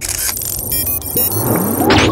you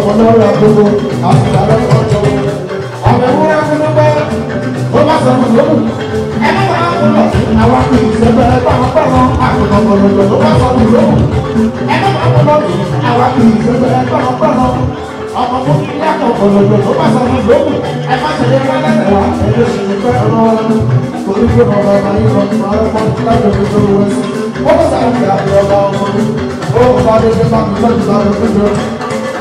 ọ̀fọ̀lọ́rọ̀ àgbogbo àfìlàlọ́ ọjọ́ àbẹ̀wò akúnúgbọ́ ó má sọ fún lókù ẹ má bàa fún lọ àwọn akéwì sẹgbẹrẹ báwọn báwọn àgùntàn gbọdọgbọ ló má sọ fún lókù ẹ má bàa fún lọ àwọn akéwì sẹgbẹrẹ báwọn báwọn ọmọ fún ilé àkọ́kọ́ lọ́jọ́ tó bá sọ fún lókù ẹ má ṣe yẹn lẹ́sẹ̀ wá ẹ̀jẹ̀ sì ní pẹ́ ọlọ́run torí pé bàbá bá yín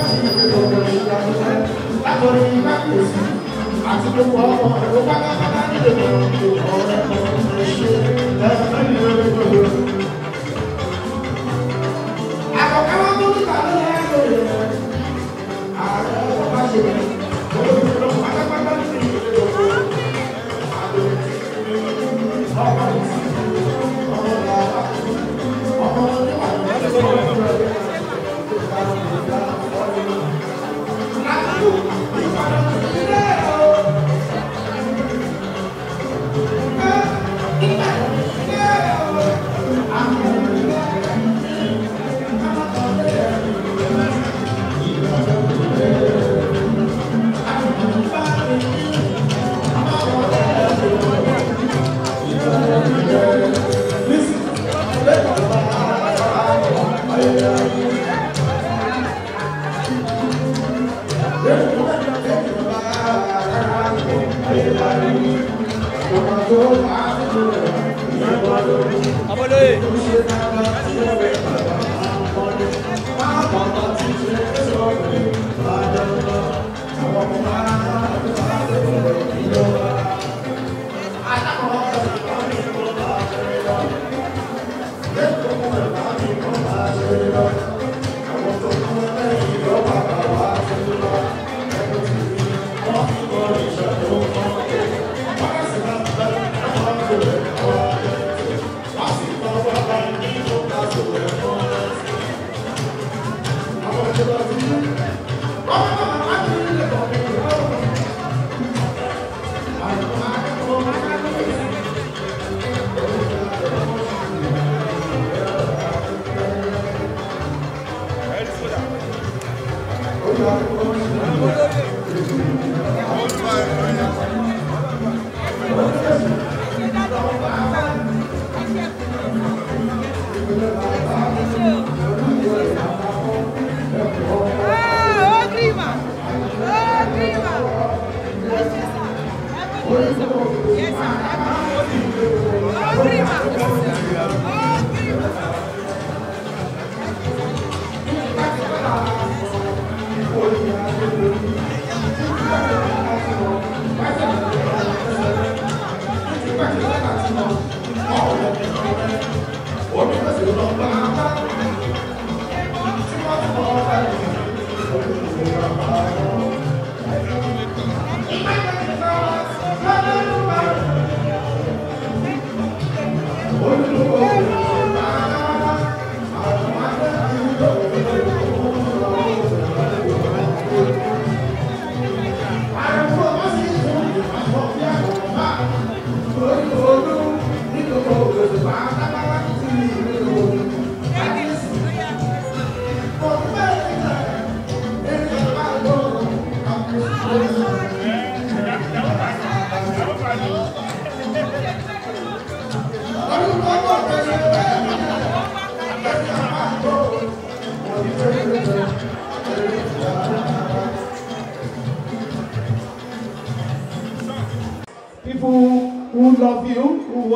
láti gbogbo ìṣàkóso látọ̀rí igbákejì àti gbogbo ọkọ̀ ọ̀rọ̀ pátápátá nílò ọ̀rọ̀ ẹ̀kọ́. Yeah.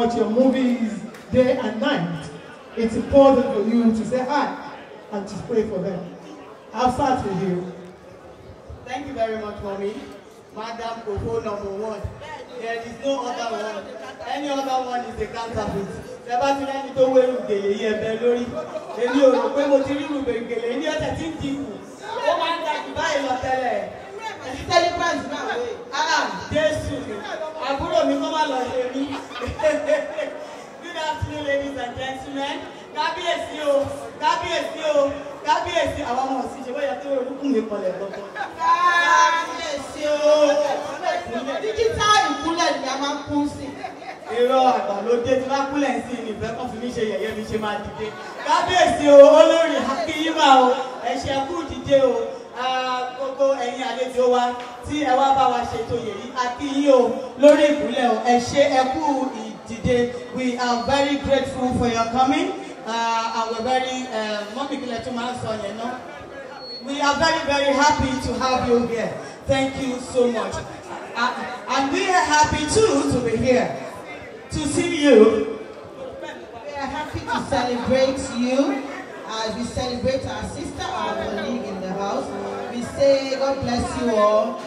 watch your movies day and night, it's important for you to say hi and to pray for them. I'll start with you. Thank you very much, Mommy. Madam Kofo number one. There is no other one. Any other one is a counterfeit. Ṣé bá ti rẹ́ni tó wérú gèlè yí ẹ̀bẹ̀ lórí? Èmi ò rò pé mo and gentlemen kábíyèsí o kábíyèsí o kábíyèsí àwọn ọmọ ọ̀sìn ṣe wọ́n yẹ kí orúkún mi kọlẹ̀ lọ́kọ́. kábíyèsí o digital ìkúnlẹ̀ ni a máa ń kún sí. irọ́ àgbàlódé tí wọ́n kúnlẹ̀ sí ni ìfẹ́ kan fi mí ṣe yẹ̀yẹ́ mi ṣe máa dìde. kábíyèsí o olórí akínyìnbá o ẹ̀ṣẹ̀ kú dìde o gbogbo ẹ̀yin àlejò wa tí ẹ wá bá wa ṣètò yèyí akínyìn o lórí ìkúnlẹ̀ o ẹ̀ṣẹ̀ ẹ̀kú ìy today. We are very grateful for your coming. Uh, and we're very, uh, we are very, very happy to have you here. Thank you so much. Uh, and we are happy too to be here, to see you. We are happy to celebrate you as uh, we celebrate our sister, our colleague in the house. We say God bless you all.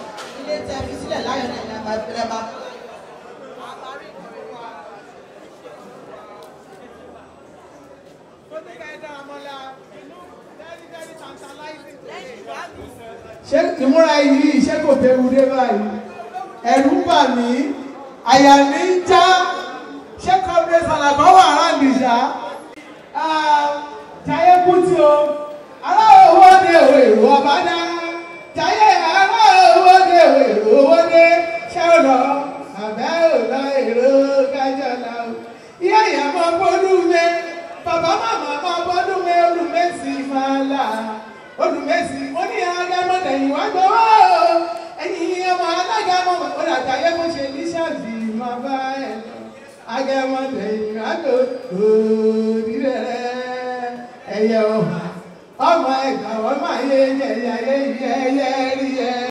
ṣé ìmúra yìí ṣé kò tẹ ewu dé báyìí ẹ̀rù ń bà mí àyà mi ń já ṣé kọ́mdé sàlàbọ̀ wà ráàdì ṣá Jaiye ah, Kuti o ará owó ni èrò èrò ọba dá Jaiye ará owó ni èrò èrò owó dé ṣé ó lọ àbẹ́ lọ èrò kájọ náà iye ìyàmọ́ gbólú mi bàbá màmá bá gbọ́dún mi olùmẹ́sì máa là olùmẹ́sì ó ní agámọ̀dẹ̀yìn wá gbọ́ ẹ̀yìn ọmọ alága mọ̀mọ́ ó dàgbà yẹ kó ṣe ní ṣáàbì máa bá ẹ̀ lọ agámọ̀dẹ̀yìn wá gbọ́ òdìrẹ́ ẹ̀yẹ ọmọ ọmọ ẹ̀gbà ọmọ ayé yẹ̀yẹ̀ ayé yẹ̀yẹ̀ rí yẹ̀.